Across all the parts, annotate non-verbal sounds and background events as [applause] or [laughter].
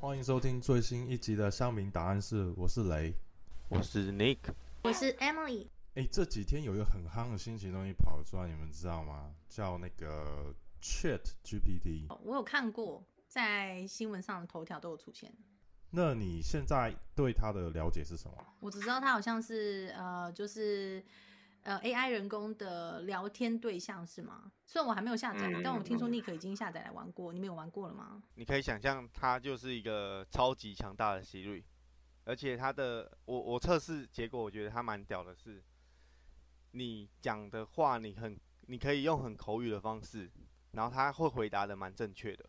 歡迎收聽最新一集的《鄉民答案》，是我是雷，我是 Nick，我是 Emily。哎，這幾天有一個很夯的新奇東西跑出來，你們知道嗎？叫那個 Chat GPT。我有看過，在新聞上的頭條都有出現。那你現在對它的了解是什麼？我只知道它好像是呃，就是。呃，AI 人工的聊天對象是嗎？雖然我還沒有下載、嗯，但我聽說 Nick 已經下載來玩過。你沒有玩過了嗎？你可以想象，它就是一個超級強大的 Siri，而且它的我我測試結果，我覺得它蠻屌的是，是你講的話，你很你可以用很口語的方式，然後它會回答的蠻正確的，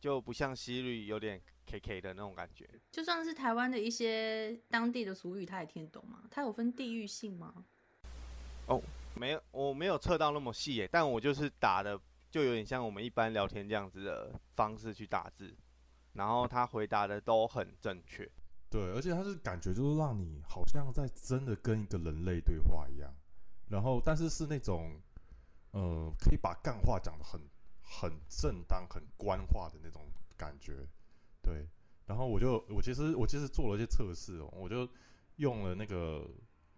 就不像 Siri 有點。K K 的那種感覺，就算是台灣的一些當地的俗語，他也聽得懂嗎？他有分地域性嗎？哦、oh,，沒有，我沒有測到那麼細耶。但我就是打的，就有點像我們一般聊天這樣子的方式去打字，然後他回答的都很正確。對，而且他是感覺就是讓你好像在真的跟一個人類對話一樣。然後，但是是那種，呃，可以把幹話講得很很正當、很官話的那種感覺。對，然後我就我其實我其實做了一些測試哦，我就用了那個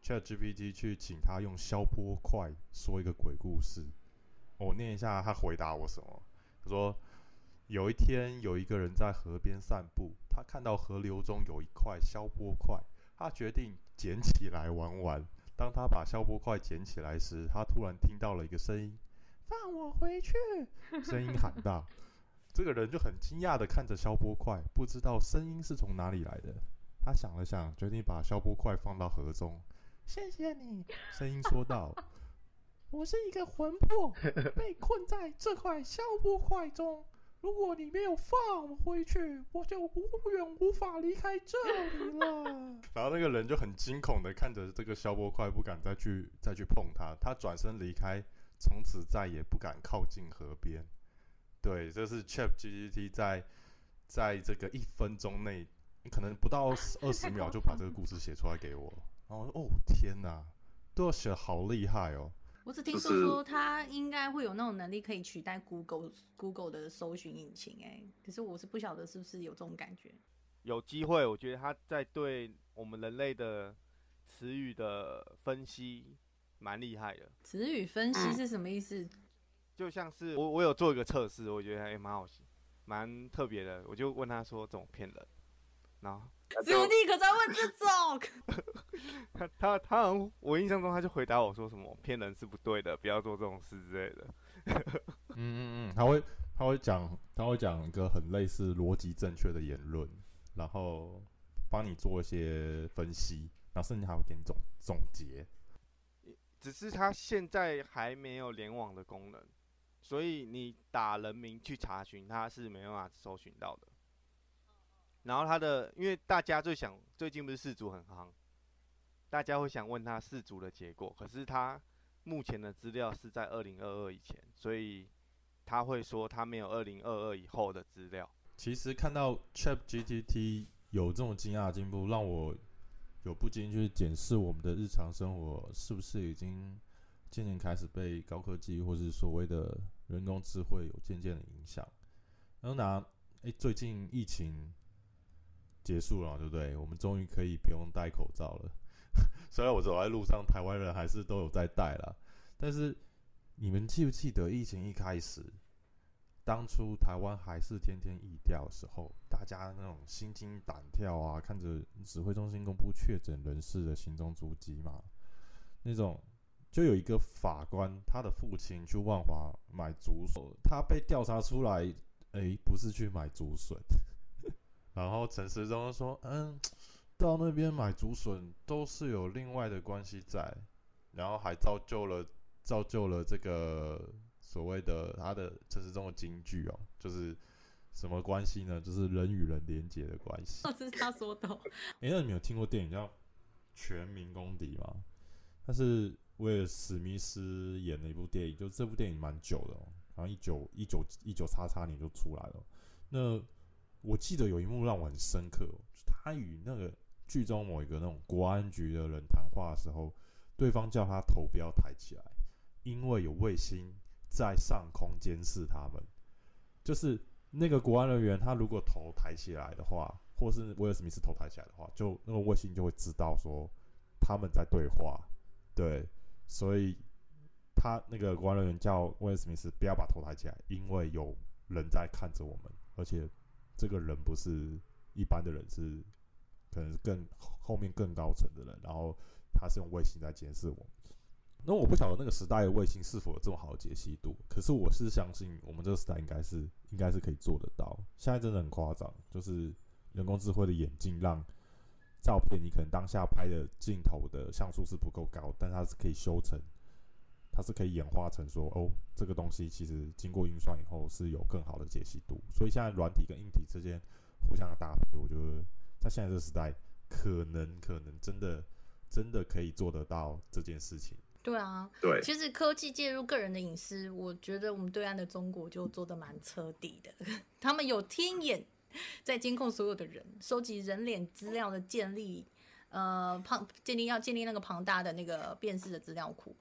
ChatGPT 去請他用消波塊說一個鬼故事，我念一下他回答我什麼。他說：“有一天，有一個人在河邊散步，他看到河流中有一塊消波塊，他決定撿起來玩玩。當他把消波塊撿起來時，他突然聽到了一個聲音：‘ [laughs] 放我回去！’聲音喊道。”這個人就很驚訝地看着消波塊，不知道聲音是從哪裡來的。他想了想，決定把消波塊放到河中。謝謝你，聲音說道。 [laughs] 我是一個魂魄，被困在這塊消波塊中。如果你沒有放回去，我就永遠無法離開這裡了。然後那個人就很驚恐地看着這個消波塊，不敢再去再去碰它。他轉身離開，從此再也不敢靠近河邊。對，這是 ChatGPT 在在這個一分鐘內，你可能不到二十秒就把這個故事寫出來給我。然後我說：“哦天哪，都要寫好厲害哦！”我只聽說說他應該會有那種能力可以取代 Google Google 的搜尋引擎，欸，哎，可是我是不曉得是不是有這種感覺。有機會，我覺得他在對我們人類的詞語的分析蠻厲害的。詞語分析是什麼意思？嗯。就像是我，我有做一個測試，我覺得還蠻、欸、好，蠻特別的。我就問他說，怎麼騙人，然後主力可在問這種。 [laughs] 他他他，我印象中他就回答我說什麼騙人是不對的，不要做這種事之類的。嗯 [laughs] 嗯嗯，他會他會講他會講一個很類似邏輯正確的言論，然後幫你做一些分析，然後甚至還有點總總結。只是他現在還沒有聯網的功能。所以你打人名去查詢，他是沒辦法搜尋到的。然後他的，因為大家最想，最近不是世足很夯，大家會想問他世足的結果，可是他目前的資料是在二零二二以前，所以他會說他沒有二零二二以後的資料。其實看到 ChatGPT 有這種驚訝的進步，讓我有不禁去檢視我們的日常生活是不是已經。漸漸開始被高科技或是所謂的人工智慧有漸漸的影響。然後拿，欸，最近疫情結束了，對不對？我們終於可以不用戴口罩了。 [laughs] 雖然我走在路上，台灣人還是都有在戴了。但是你們記不記得疫情一開始，當初台灣還是天天疫調的時候，大家那種心驚膽跳啊，看着指揮中心公布確診人士的行蹤足迹嘛，那種。就有一個法官，他的父親去萬華買竹筍，他被調查出來，哎、欸，不是去買竹筍。 [laughs] 然後陳時中說：“嗯，到那邊買竹筍都是有另外的關係在，然後還造就了造就了這個所謂的他的陳時中的金句哦，就是什麼關係呢？就是人與人連結的關係。”這是他說的。哎，那你有聽過電影叫《全民公敵》嗎？但是。威爾史密斯演的一部電影，就是這部電影蠻久的，好像一九一九一九叉叉年就出來了。那我記得有一幕讓我很深刻，他與那個劇中某一個那種國安局的人談話的時候，對方叫他頭不要抬起來，因為有衛星在上空監視他們。就是那個國安人員，他如果頭抬起來的話，或是威爾史密斯頭抬起來的話，就那個衛星就會知道說他們在對話，對。所以，他那個國安人員叫威爾史密斯，不要把頭抬起來，因為有人在看着我們，而且這個人不是一般的人，是可能是更後面更高層的人，然後他是用衛星在監視我。那我不曉得那個時代的衛星是否有這麼好的解析度，可是我是相信我們這個時代應該是應該是可以做得到。現在真的很誇張，就是人工智慧的眼鏡讓。照片你可能當下拍的鏡頭的像素是不夠高，但它是可以修成，它是可以演化成說，哦，這個東西其實經過運算以後是有更好的解析度。所以現在軟體跟硬體之間互相的搭配，我覺得在現在這個時代，可能可能真的真的可以做得到這件事情。對啊，對，其實科技介入個人的隱私，我覺得我們對岸的中國就做得蠻徹底的， [laughs] 他們有天眼。在監控所有的人，收集人臉資料的建立，呃，龐建立要建立那個龐大的那個辨識的資料庫。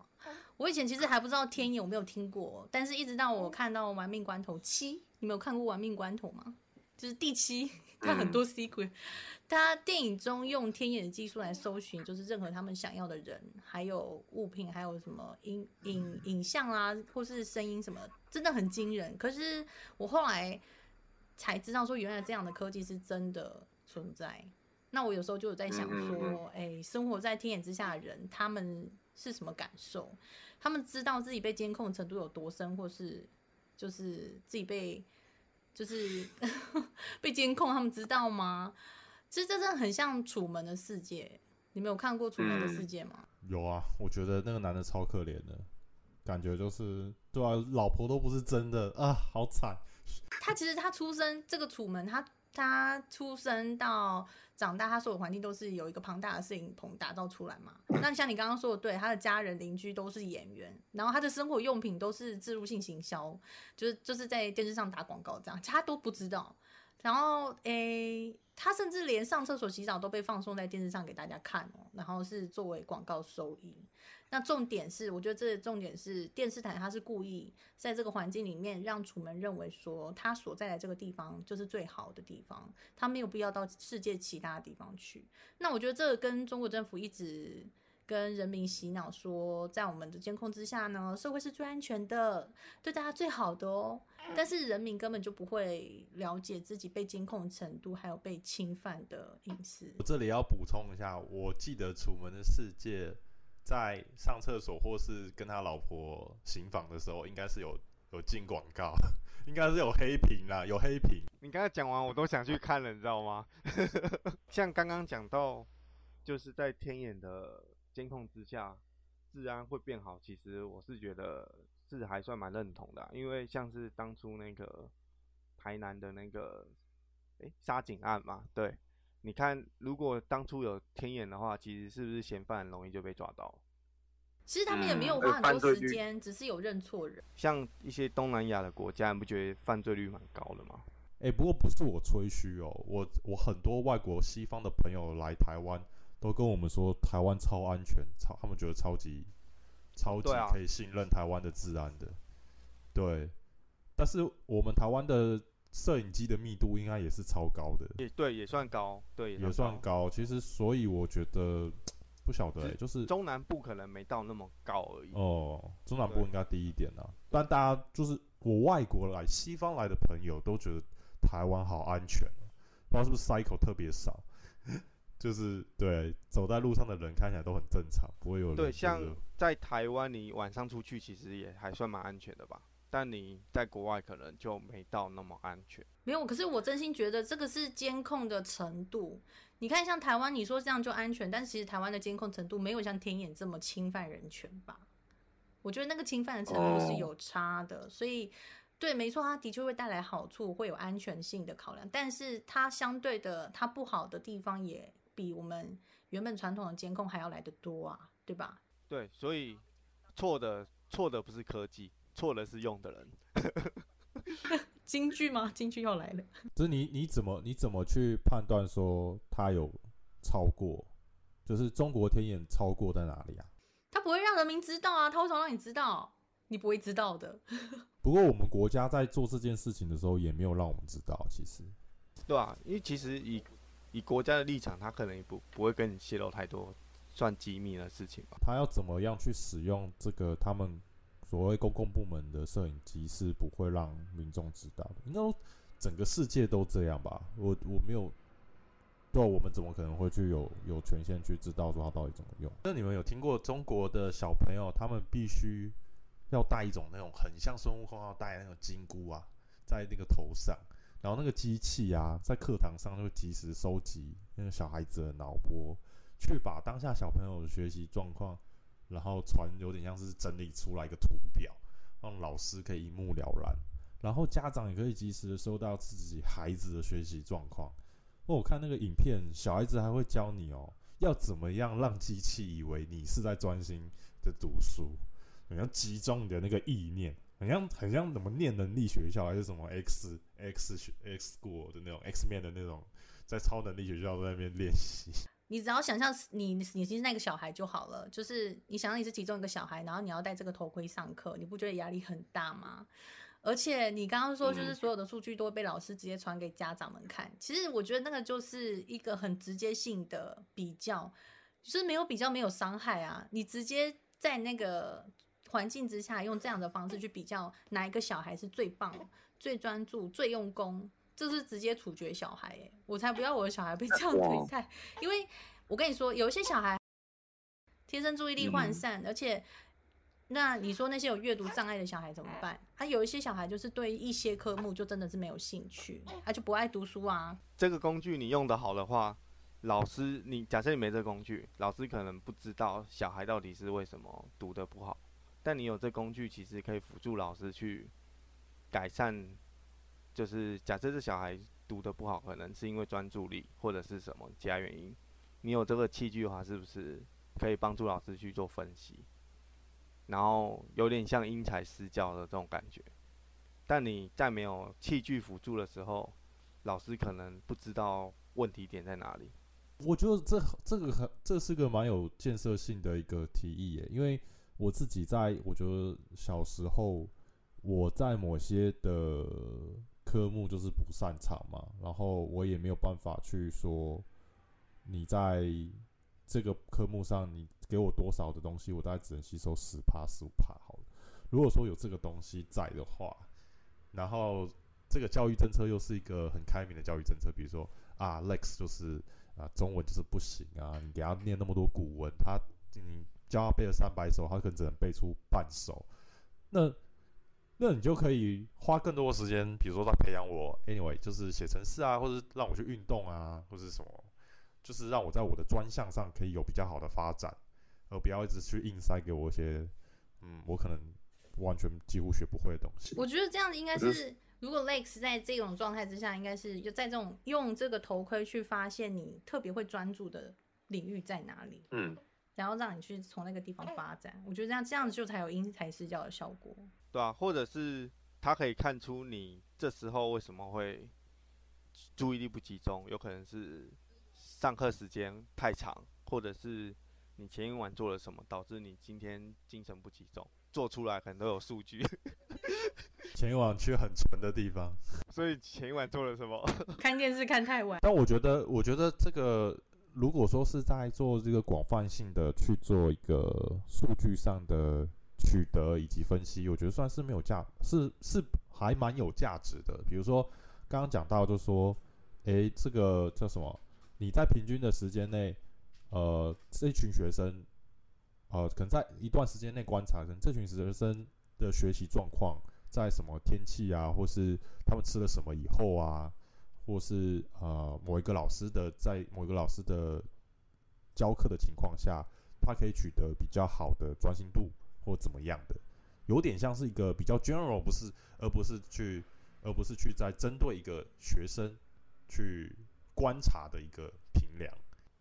我以前其實還不知道天眼，我沒有聽過，但是一直到我看到《玩命關頭七》，你沒有看過《玩命關頭》嗎？就是第七，它很多 secret，它電影中用天眼的技術來搜尋，就是任何他們想要的人，還有物品，還有什麼影影影像啊，或是聲音什麼，真的很驚人。可是我後來才知道說，原來這樣的科技是真的存在。那我有時候就有在想說，哎、欸，生活在天眼之下的人，他們是什麼感受？他們知道自己被監控程度有多深，或是就是自己被就是呵呵被監控，他們知道嗎？其實這真的很像《楚門的世界》。你們有看過《楚門的世界》嗎？有啊，我覺得那個男的超可憐的，感覺就是對啊，老婆都不是真的啊，好慘。他其實他出生這個楚門他，他他出生到長大，他所有環境都是有一個龐大的攝影棚打造出來嘛。那像你剛剛說的，對，他的家人鄰居都是演員，然後他的生活用品都是置入性行銷，就是就是在電視上打廣告這樣，他都不知道。然後誒、欸，他甚至連上廁所洗澡都被放送在電視上給大家看哦，然後是作為廣告收益。那重點是，我覺得這重點是電視台，它是故意在這個環境裡面讓楚門認為說，他所在的這個地方就是最好的地方，他沒有必要到世界其他地方去。那我覺得這個跟中國政府一直跟人民洗腦說，在我們的監控之下呢，社會是最安全的，對大家最好的哦。但是人民根本就不會了解自己被監控的程度，還有被侵犯的隱私。我這裡要補充一下，我記得楚門的世界，在上廁所或是跟他老婆行房的時候，應該是有有進廣告，應該是有黑屏啦，有黑屏。你剛才講完，我都想去看了，你知道嗎？ [laughs] [laughs] 像剛剛講到，就是在天眼的監控之下，治安會變好。其實我是覺得是還算蠻認同的、啊，因為像是當初那個台南的那個，欸、殺警案嘛，對。你看，如果當初有天眼的話，其實是不是嫌犯很容易就被抓到？嗯、其實他們也沒有花很多時間，只是有認錯人。像一些東南亞的國家，你不覺得犯罪率蠻高的嗎？哎、欸，不過不是我吹噓哦，我我很多外國西方的朋友來台灣，都跟我們說台灣超安全，超他們覺得超級超級可以信任台灣的治安的，對啊。對，但是我們台灣的。攝影機的密度應該也是超高的，也對，也算高，對，也算高。算高其實，所以我覺得不曉得、欸，就是中南部可能沒到那麼高而已。哦，中南部應該低一點了。但大家就是我外國來、西方來的朋友都覺得台灣好安全，不知道是不是 cycle 特別少，嗯、 [laughs] 就是對，走在路上的人看起來都很正常，不會有人、就是。對，像在台灣，你晚上出去其實也還算蠻安全的吧。但你在國外可能就沒到那麼安全。沒有，可是我真心覺得這個是監控的程度。你看，像台灣，你說這樣就安全，但是其實台灣的監控程度沒有像天眼這麼侵犯人權吧？我覺得那個侵犯的程度是有差的。Oh. 所以，對，沒錯，它的確會帶來好處，會有安全性的考量，但是它相對的，它不好的地方也比我們原本傳統的監控還要來得多啊，對吧？對，所以錯的，錯的不是科技。錯了是用的人，金 [laughs] 句嗎？金句要來了。是你，你怎麼你怎麼去判斷說他有超過，就是中國天眼超過在哪裡啊？他不會讓人民知道啊，他為什麼讓你知道？你不會知道的。 [laughs] 不過我們國家在做這件事情的時候，也沒有讓我們知道，其實，對啊，因為其實以以國家的立場，他可能也不不會跟你泄露太多算機密的事情吧。他要怎麼樣去使用這個他們？所謂公共部門的攝影機是不會讓民眾知道的，應該整個世界都這樣吧？我我沒有，對啊，我們怎麼可能會去有有權限去知道說它到底怎麼用？那你們有聽過中國的小朋友，他們必須要帶一種那種很像孫悟空要帶那種金箍啊，在那個頭上，然後那個機器啊，在課堂上就及時收集那個小孩子的腦波，去把當下小朋友的學習狀況。然後傳，有點像是整理出來一個圖表，讓老師可以一目了然，然後家長也可以及時的收到自己孩子的學習狀況。那、哦、我看那個影片，小孩子還會教你哦，要怎麼樣讓機器以為你是在專心的讀書，很像集中你的那個意念，很像很像什麼念能力學校還是什麼 X X X s 的那種 X-Man 的那種，在超能力學校在那邊練習。你只要想象你你其實是那個小孩就好了，就是你想象你是其中一個小孩，然後你要戴這個頭盔上課，你不覺得壓力很大嗎？而且你剛剛說就是所有的數據都會被老師直接傳給家長們看，嗯，其實我覺得那個就是一個很直接性的比較，就是沒有比較沒有傷害啊，你直接在那個環境之下用這樣的方式去比較哪一個小孩是最棒、最專注、最用功。這是直接處決小孩誒、欸，我才不要我的小孩被這樣對待，因為我跟你說，有一些小孩天生注意力渙散、嗯，而且那你說那些有閱讀障礙的小孩怎麼辦？他、啊、有一些小孩就是對一些科目就真的是沒有興趣，他就不愛讀書啊。這個工具你用得好的話，老師你假設你沒這工具，老師可能不知道小孩到底是為什麼讀得不好，但你有這工具，其實可以輔助老師去改善。就是假設這小孩讀得不好，可能是因為專注力或者是什麼其他原因。你有這個器具的話，是不是可以幫助老師去做分析？然後有點像因材施教的這種感覺。但你在沒有器具輔助的時候，老師可能不知道問題點在哪裡。我覺得這這個很，這是個蠻有建設性的一個提議耶，因為我自己在我覺得小時候我在某些的。科目就是不擅長嘛，然後我也沒有辦法去說，你在這個科目上，你給我多少的東西，我大概只能吸收十趴十五趴好了。如果說有這個東西在的話，然後這個教育政策又是一個很開明的教育政策，比如說啊，Lex 就是啊，中文就是不行啊，你給他念那麼多古文，他你教他背了三百首，他可能只能背出半首，那。那你就可以花更多的時間，比如說在培養我，Anyway，就是寫程式啊，或者讓我去運動啊，或者什麼，就是讓我在我的專項上可以有比較好的發展，而不要一直去硬塞給我一些，嗯，我可能完全幾乎學不會的東西。我覺得這樣子應該是，就是，如果 Lex 在這種狀態之下，應該是就在這種用這個頭盔去發現你特別會專注的領域在哪裡，嗯，然後讓你去從那個地方發展。我覺得這樣這樣子就才有因材施教的效果。對啊，或者是他可以看出你這時候為什麼會注意力不集中，有可能是上課時間太長，或者是你前一晚做了什麼導致你今天精神不集中，做出來可能都有數據。前一晚去很純的地方， [laughs] 所以前一晚做了什麼？看電視看太晚。但我覺得，我覺得這個如果說是在做這個廣泛性的去做一個數據上的。取得以及分析，我覺得算是沒有價，是是還蠻有價值的。比如說，剛剛講到就是說，誒，這個叫什麼？你在平均的時間內，呃，這群學生，呃，可能在一段時間內觀察，可能這群學生的學習狀況，在什麼天氣啊，或是他們吃了什麼以後啊，或是呃某一個老師的在某一個老師的教課的情況下，他可以取得比較好的專心度。或怎麼樣的，有點像是一個比較 general，不是而不是去而不是去在針對一個學生去觀察的一個評量。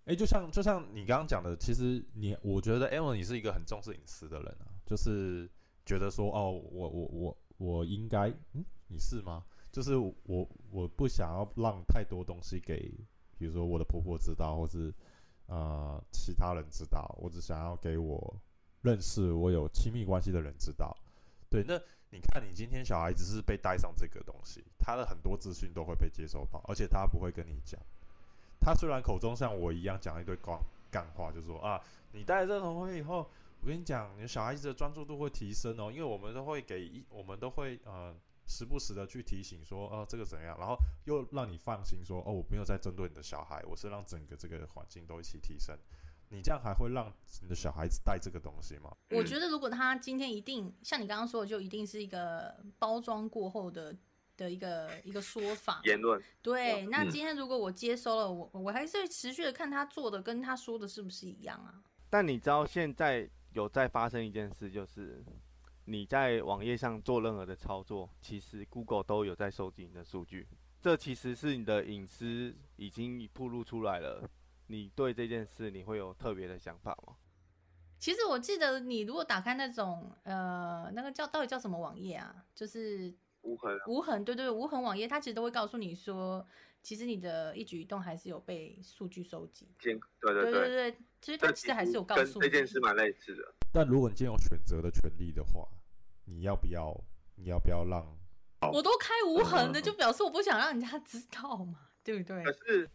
誒、欸，就像就像你剛剛講的，其實你我覺得 Emily 你是一個很重視隱私的人啊，就是覺得說哦，我我我我應該，嗯，你是嗎？就是我我不想要讓太多東西給，比如說我的婆婆知道，或是呃其他人知道，我只想要給我，認識我有親密關係的人知道，對，那你看你今天小孩子是被帶上這個東西，他的很多資訊都會被接收到，而且他不會跟你講。他雖然口中像我一樣講一堆幹話，就說啊，你帶這種東西以後，我跟你講，你小孩子的專注度會提升哦，因為我們都會給，我們都會呃時不時的去提醒說，哦、呃，這個怎樣，然後又讓你放心說，哦我不用再針對你的小孩，我是讓整個這個環境都一起提升。你這樣還會讓你的小孩子帶這個東西嗎？我覺得如果他今天一定像你剛剛說的，就一定是一個包裝過後的的一個一個說法，言論。對，那今天如果我接收了，嗯，我我還是會持續的看他做的跟他說的是不是一樣啊？但你知道現在有在發生一件事，就是你在網頁上做任何的操作，其實 Google 都有在收集你的數據，這其實是你的隱私已經暴露出來了。你對這件事你會有特別的想法嗎？其實我記得，你如果打開那種呃，那個叫到底叫什麼網頁啊，就是無痕、啊、無痕，對對對，無痕網頁，它其實都會告訴你說，其實你的一舉一動還是有被數據收集。對對對對對，對，對，對，其實它其實還是有告訴你。這件事蠻類似的。但如果你今天有選擇的權利的話，你要不要你要不要讓、哦？我都開無痕的，嗯，就表示我不想讓人家知道嘛，嗯，對不對，對？可是。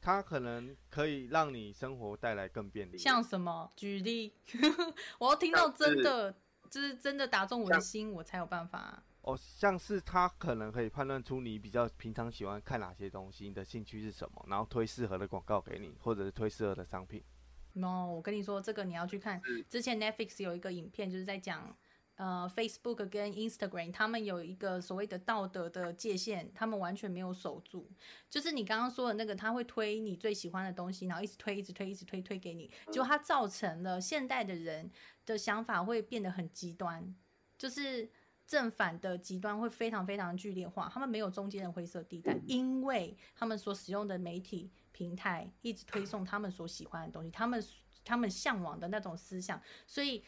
它可能可以讓你生活帶來更便利，像什麼？舉例， [laughs] 我要聽到真的，就是真的打中我的心，我才有辦法啊。哦，像是它可能可以判斷出你比較平常喜歡看哪些東西，你的興趣是什麼，然後推適合的廣告給你，或者是推適合的商品。喏，no，我跟你說，這個你要去看，之前 Netflix 有一個影片，就是在講。呃，Facebook 跟 Instagram，他們有一個所謂的道德的界限，他們完全沒有守住。就是你剛剛說的那個，他會推你最喜歡的東西，然後一直推，一直推，一直推，推給你，結果他造成了現代的人的想法會變得很極端，就是正反的極端會非常非常劇烈化，他們沒有中間的灰色地帶，因為他們所使用的媒體平台一直推送他們所喜歡的東西，他們他們嚮往的那種思想，所以。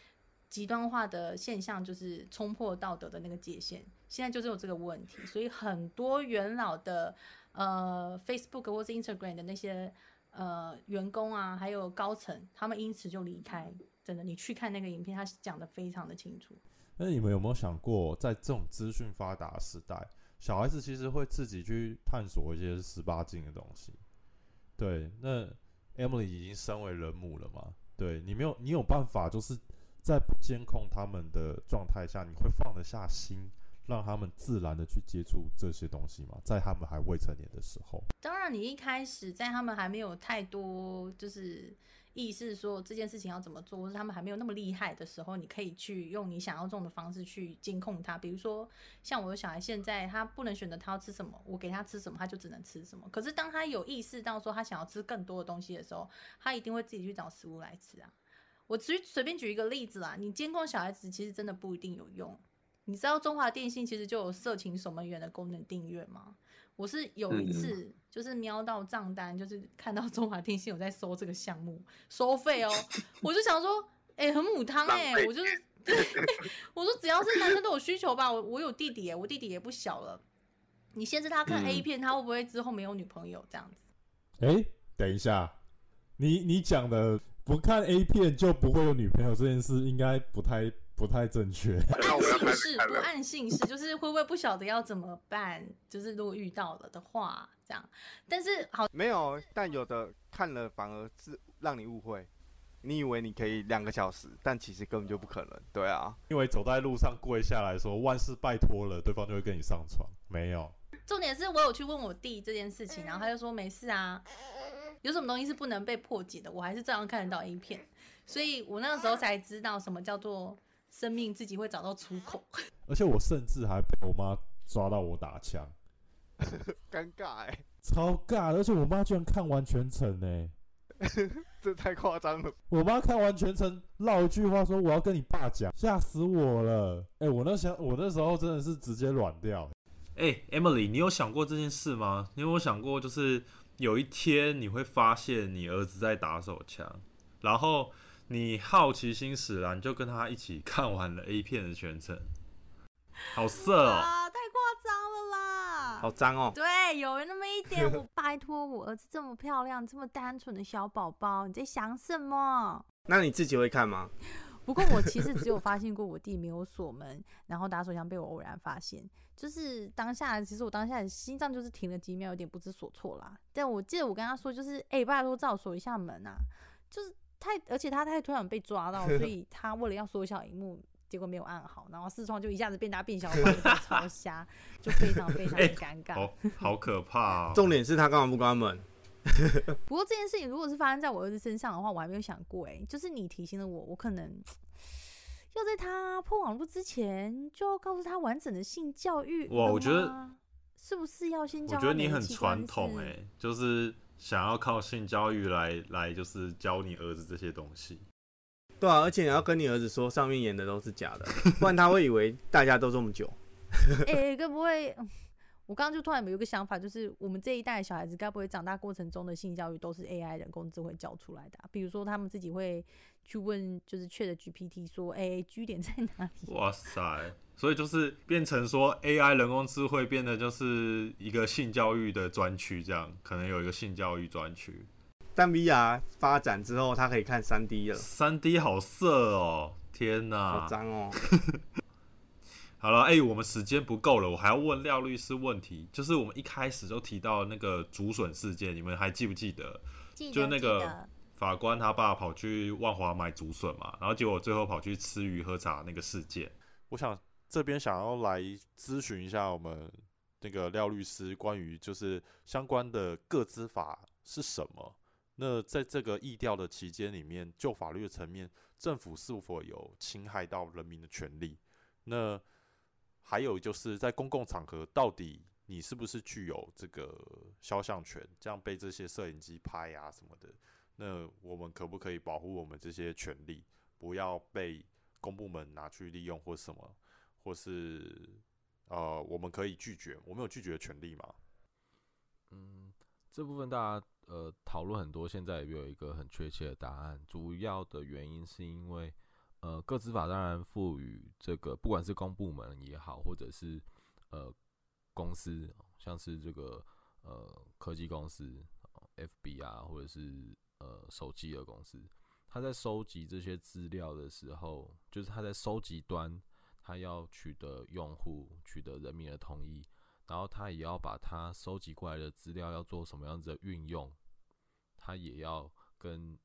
極端化的現象就是衝破道德的那個界限，現在就是有這個問題，所以很多元老的呃 Facebook 或者 Instagram 的那些呃員工啊，還有高層，他們因此就離開。真的，你去看那個影片，他講得非常的清楚。那你們有沒有想過，在這種資訊發達時代，小孩子其實會自己去探索一些十八禁的東西？對，那 Emily 已經身為人母了嘛？對你沒有，你有辦法就是。在不監控他們的狀態下，你會放得下心，讓他們自然的去接觸這些東西嗎？在他們還未成年的時候。當然，你一開始在他們還沒有太多就是意識說這件事情要怎麼做，或者他們還沒有那麼厲害的時候，你可以去用你想要這種的方式去監控他。比如說，像我的小孩現在，他不能選擇他要吃什麼，我給他吃什麼，他就只能吃什麼。可是當他有意識到說他想要吃更多的東西的時候，他一定會自己去找食物來吃啊。我舉隨便舉一個例子啦，你監控小孩子其實真的不一定有用。你知道中華電信其實就有色情守門員的功能訂閱嗎？我是有一次就是瞄到賬單、嗯，就是看到中華電信有在收這個項目收費哦、喔， [laughs] 我就想說，哎、欸，很母湯哎、欸，我就是， [laughs] 我說只要是男生都有需求吧，我我有弟弟、欸，我弟弟也不小了，你限制他看 A 片、嗯，他會不會之後沒有女朋友這樣子？哎、欸，等一下，你你講的。不看 A 片就不會有女朋友這件事應該不太不太正確。按信是不按信是就是會不會不曉得要怎麼辦？就是如果遇到了的話這樣，但是好沒有，但有的看了反而是讓你誤會，你以為你可以兩個小時，但其實根本就不可能，對啊。因為走在路上跪下來說萬事拜託了，對方就會跟你上床沒有？重點是我有去問我弟這件事情，然後他就說沒事啊。嗯有什麼東西是不能被破解的？我還是照樣看得到影片，所以我那個時候才知道什麼叫做生命自己會找到出口。而且我甚至還被我媽抓到我打槍，尷 [laughs] 尬哎、欸，超尬！而且我媽居然看完全程呢、欸， [laughs] 這太誇張了。我媽看完全程，繞一句話說：“我要跟你爸講。”嚇死我了！哎、欸，我那想我那時候真的是直接軟掉。哎、欸，Emily，你有想過這件事嗎？你有沒有想過，就是。有一天你會發現你兒子在打手槍，然後你好奇心使然就跟他一起看完了 A 片的全程，好色哦，太誇張了啦，好髒哦，對，有那麼一點。我拜托，我兒子這麼漂亮、這麼單純的小寶寶，你在想什麼？那你自己會看嗎？不過我其實只有發現過我弟沒有鎖門，然後打手槍被我偶然發現。就是當下，其實我當下心臟就是停了幾秒，有點不知所措啦。但我記得我跟他說，就是哎，爸、欸，多照鎖一下門啊。就是太，而且他太突然被抓到，所以他為了要縮小一下螢幕。 [laughs] 結果沒有按好，然後視窗就一下子變大變小，然後我超瞎， [laughs] 就非常非常的尷尬、欸好，好可怕、啊。 [laughs] 重點是他幹嘛不關門？ [laughs] 不過這件事情如果是發生在我兒子身上的話，我還沒有想過哎、欸。就是你提醒了我，我可能要在他破網路之前，就要告訴他完整的性教育。哇，我覺得是不是要先教？我覺得你很傳統哎、欸，就是想要靠性教育來來，就是教你兒子這些東西。對啊，而且你要跟你兒子說，上面演的都是假的，不然他會以為大家都這麼久。哎、 [laughs] 欸，更不會。我剛剛就突然有個想法，就是我們這一代的小孩子，該不會長大過程中的性教育都是 AI 人工智慧教出來的、啊？比如說他們自己會去問，就是 ChatGPT 說，哎、欸，G 點在哪裡？哇塞！所以就是變成說 AI 人工智慧變得就是一個性教育的專區，這樣可能有一個性教育專區。但 VR 發展之後，他可以看三 D 了。三 D 好色哦！天哪，好髒哦！ [laughs] 好了，誒、欸，我們時間不夠了，我還要問廖律師問題，就是我們一開始就提到的那個竹筍事件，你們還記不記得？記得。就是就那個法官他爸跑去萬華買竹筍嘛，然後結果最後跑去吃魚喝茶那個事件。我想這邊想要來諮詢一下我們那個廖律師關於就是相關的個資法是什麼？那在這個疫調的期間裡面，就法律的層面，政府是否有侵害到人民的權利？那？還有就是在公共場合，到底你是不是具有這個肖像權？這樣被這些攝影機拍啊什麼的，那我們可不可以保護我們這些權利，不要被公部門拿去利用或什麼？或是呃，我們可以拒絕，我們有拒絕的權利嗎？嗯，這部分大家呃討論很多，現在也沒有一個很確切的答案。主要的原因是因為。呃，個資法當然賦予這個，不管是公部門也好，或者是呃公司，像是這個呃科技公司，FB 啊，FBR，或者是呃手機的公司，他在收集這些資料的時候，就是他在收集端，他要取得用戶、取得人民的同意，然後他也要把他收集過來的資料要做什麼樣子的運用，他也要跟。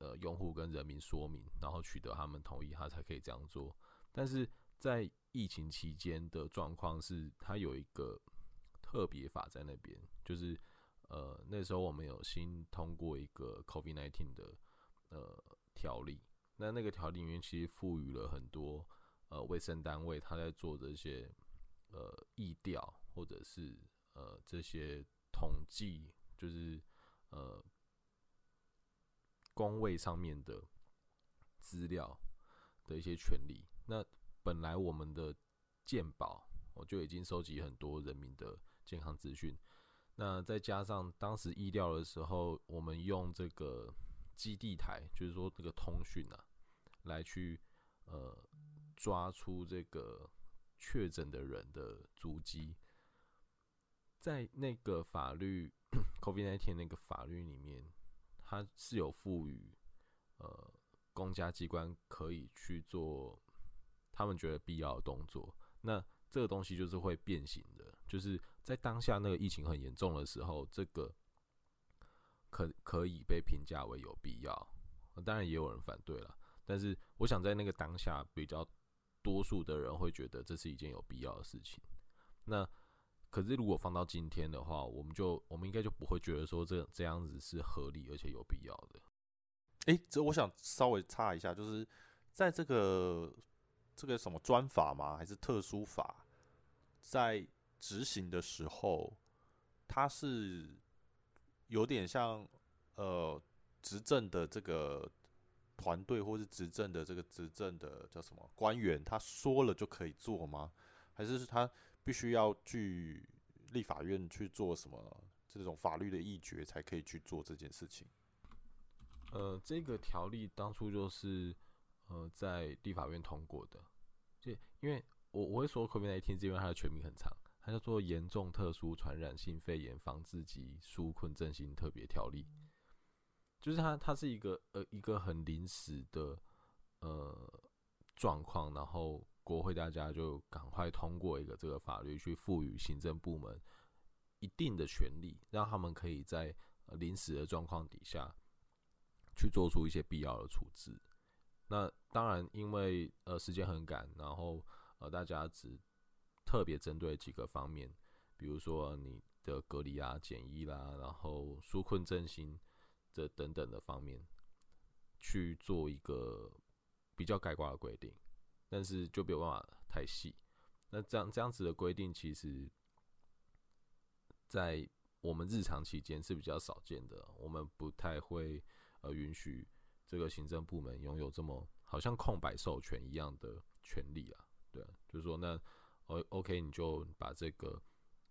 呃，用戶跟人民說明，然後取得他們同意，他才可以這樣做。但是在疫情期間的狀況是，他有一個特別法在那邊，就是呃，那時候我們有新通過一個 COVID-19 的呃條例，那那個條例裡面其實賦予了很多呃衛生單位他在做這些呃疫調或者是呃這些統計，就是呃。公衛上面的資料的一些權利，那本來我們的健保我就已經收集很多人民的健康資訊，那再加上當時疫調的時候，我們用這個基地台，就是說這個通訊啊，來去呃抓出這個確診的人的足跡，在那個法律 COVID nineteen 那個法律裡面。他是有賦予，呃，公家機關可以去做他們覺得必要的動作。那這個東西就是會變形的，就是在當下那個疫情很嚴重的時候，這個可可以被評價為有必要。當然也有人反對了，但是我想在那個當下，比較多數的人會覺得這是一件有必要的事情。那可是，如果放到今天的話，我們就我們應該就不會覺得說這這樣子是合理而且有必要的。誒，這我想稍微插一下，就是在這個這個什麼專法嗎？還是特殊法？在執行的時候，他是有點像呃執政的這個團隊，或是執政的這個執政的叫什麼官員？他說了就可以做嗎？還是他？必須要去立法院去做什麼這種法律的議決，才可以去做這件事情。呃，這個條例當初就是呃在立法院通過的，就因為我我會說 COVID-19，是因為它的全名很長，它叫做《嚴重特殊傳染性肺炎防治及紓困振興特別條例》，就是它它是一個呃一個很臨時的呃狀況，然後。國會大家就趕快通過一個這個法律，去賦予行政部門一定的權力，讓他們可以在臨時的狀況底下，去做出一些必要的處置。那當然，因為呃時間很趕，然後呃大家只特別針對幾個方面，比如說你的隔離啊、檢疫啦、啊，然後紓困振興這等等的方面，去做一個比較概括的規定。但是就沒有辦法太細，那這樣這樣子的規定，其實，在我們日常期間是比較少見的。我們不太會呃允許這個行政部門擁有這麼好像空白授權一樣的權利啊。對啊，就是說那，那 O OK，你就把這個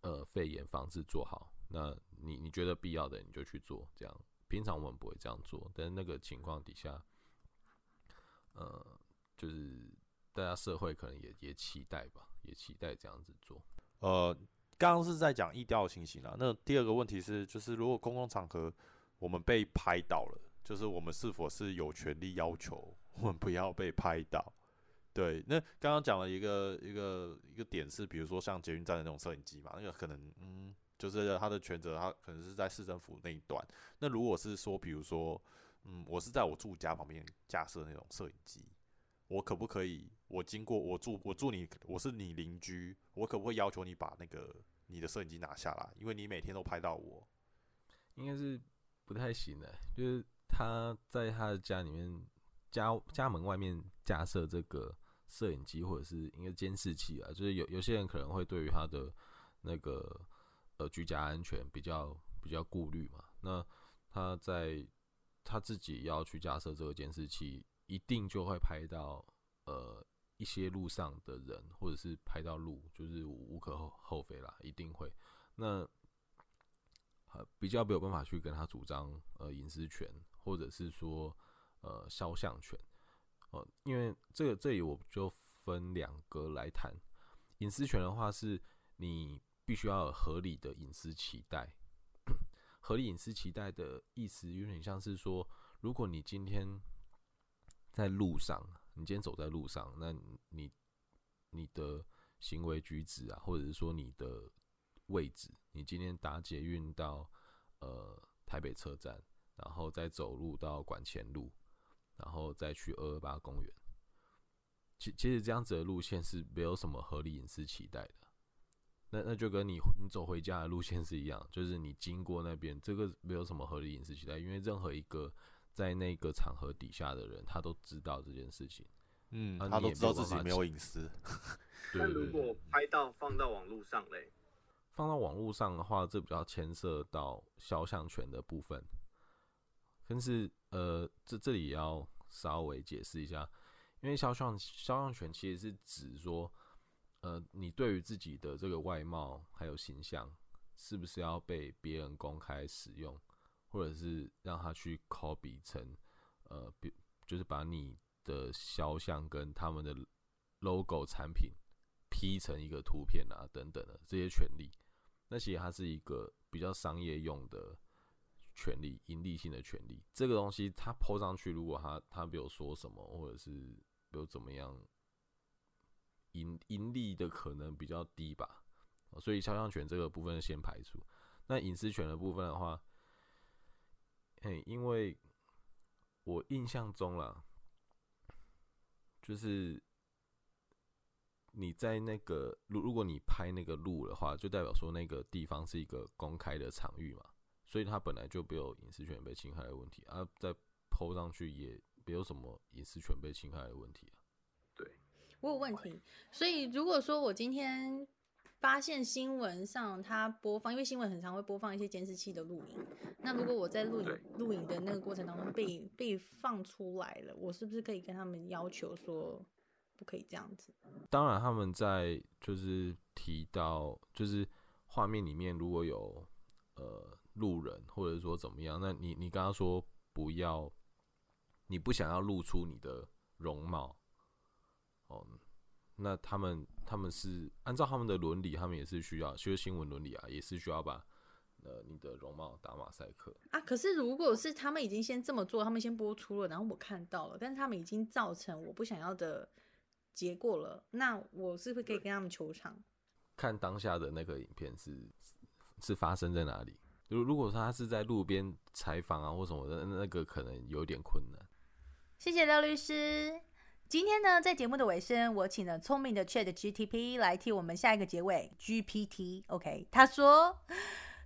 呃肺炎防治做好，那你你覺得必要的你就去做。這樣平常我們不會這樣做，但是那個情況底下，呃，就是。大家社會可能也也期待吧，也期待這樣子做。呃，剛剛是在講疫調的情形啦。那第二個問題是，就是如果公共場合我們被拍到了，就是我們是否是有權利要求我們不要被拍到？對，那剛剛講了一個一個一個點是，比如說像捷運站的那種攝影機嘛，那個可能嗯，就是他的權責，他可能是在市政府那一段。那如果是說，比如說嗯，我是在我住家旁邊架設那種攝影機，我可不可以？我經過，我住我住你，我是你鄰居，我可不可以要求你把那個你的攝影機拿下來，因為你每天都拍到我，應該是不太行的、欸。就是他在他的家裡面家家門外面架設這個攝影機，或者是一個監視器啊。就是有有些人可能會對於他的那個呃居家安全比較比較顧慮嘛。那他在他自己要去架設這個監視器，一定就會拍到呃。一些路上的人，或者是拍到路，就是無可厚非啦，一定會。那比較沒有辦法去跟他主張呃隱私權，或者是說呃肖像權。哦、呃，因為這個這裡我就分兩個來談。隱私權的話，是你必須要有合理的隱私期待。合理隱私期待的意思，有點像是說，如果你今天在路上。你今天走在路上，那你、你的行為舉止啊，或者是說你的位置，你今天搭捷運到呃台北車站，然後再走路到館前路，然後再去二二八公園。其其實這樣子的路線是沒有什麼合理隱私期待的。那那就跟你你走回家的路線是一樣，就是你經過那邊，這個沒有什麼合理隱私期待，因為任何一個。在那個場合底下的人，他都知道這件事情，嗯，啊、你也他都知道自己沒有隱私 [laughs] 。他 [laughs] 如果拍到放到網絡上嘞，放到網絡上，上的話，這比較牽涉到肖像權的部分。但是呃，這這裡也要稍微解釋一下，因為肖像肖像權其實是指說，呃，你對於自己的這個外貌還有形象，是不是要被別人公開使用？或者是讓他去 copy 成，呃，就是把你的肖像跟他們的 logo 產品 P 成一個圖片啊，等等的這些權利，那其實它是一個比較商業用的權利，盈利性的權利。這個東西它 PO 上去，如果他他比如說什麼，或者是比如怎麼樣，盈盈利的可能比較低吧，所以肖像權這個部分先排除。那隱私權的部分的話，欸、因為我印象中啦，就是你在那個，如果如果你拍那個路的話，就代表說那個地方是一個公開的場域嘛，所以它本來就沒有隱私權被侵害的問題啊，再 po 上去也沒有什麼隱私權被侵害的問題啊，對，我有問題，所以如果說我今天。發現新聞上他播放，因為新聞很常會播放一些監視器的錄影。那如果我在錄影錄影的那個過程當中被被放出來了，我是不是可以跟他們要求說不可以這樣子？當然，他們在就是提到，就是畫面裡面如果有呃路人，或者說怎麼樣，那你你剛剛說不要，你不想要露出你的容貌，哦。那他們，他們是按照他們的倫理，他們也是需要學新聞倫理啊，也是需要把呃你的容貌打馬賽克啊。可是如果是他們已經先這麼做，他們先播出了，然後我看到了，但是他們已經造成我不想要的結果了，那我是不是可以跟他們求償？看當下的那個影片是是發生在哪裡？如如果說他是在路邊採訪啊或什麼的，那個可能有點困難。謝謝廖律師。今天呢，在節目的尾聲，我請了聰明的 ChatGPT 來替我們下一個結尾。GPT，OK？Okay, 他說，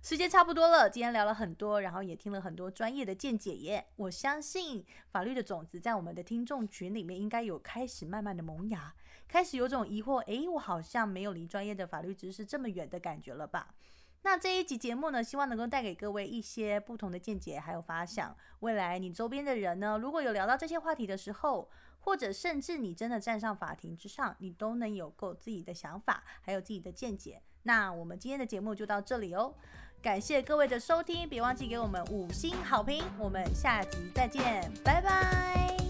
時間差不多了，今天聊了很多，然後也聽了很多專業的見解耶。我相信法律的種子在我們的聽眾群裡面應該有開始慢慢的萌芽，開始有種疑惑，哎，我好像沒有離專業的法律知識這麼遠的感覺了吧？那這一集節目呢，希望能夠帶給各位一些不同的見解，還有發想。未來你周邊的人呢，如果有聊到這些話題的時候，或者甚至你真的站上法庭之上，你都能有夠自己的想法，還有自己的見解。那我們今天的節目就到這裡哦，感謝各位的收聽，別忘記給我們五星好評，我們下集再見，拜拜。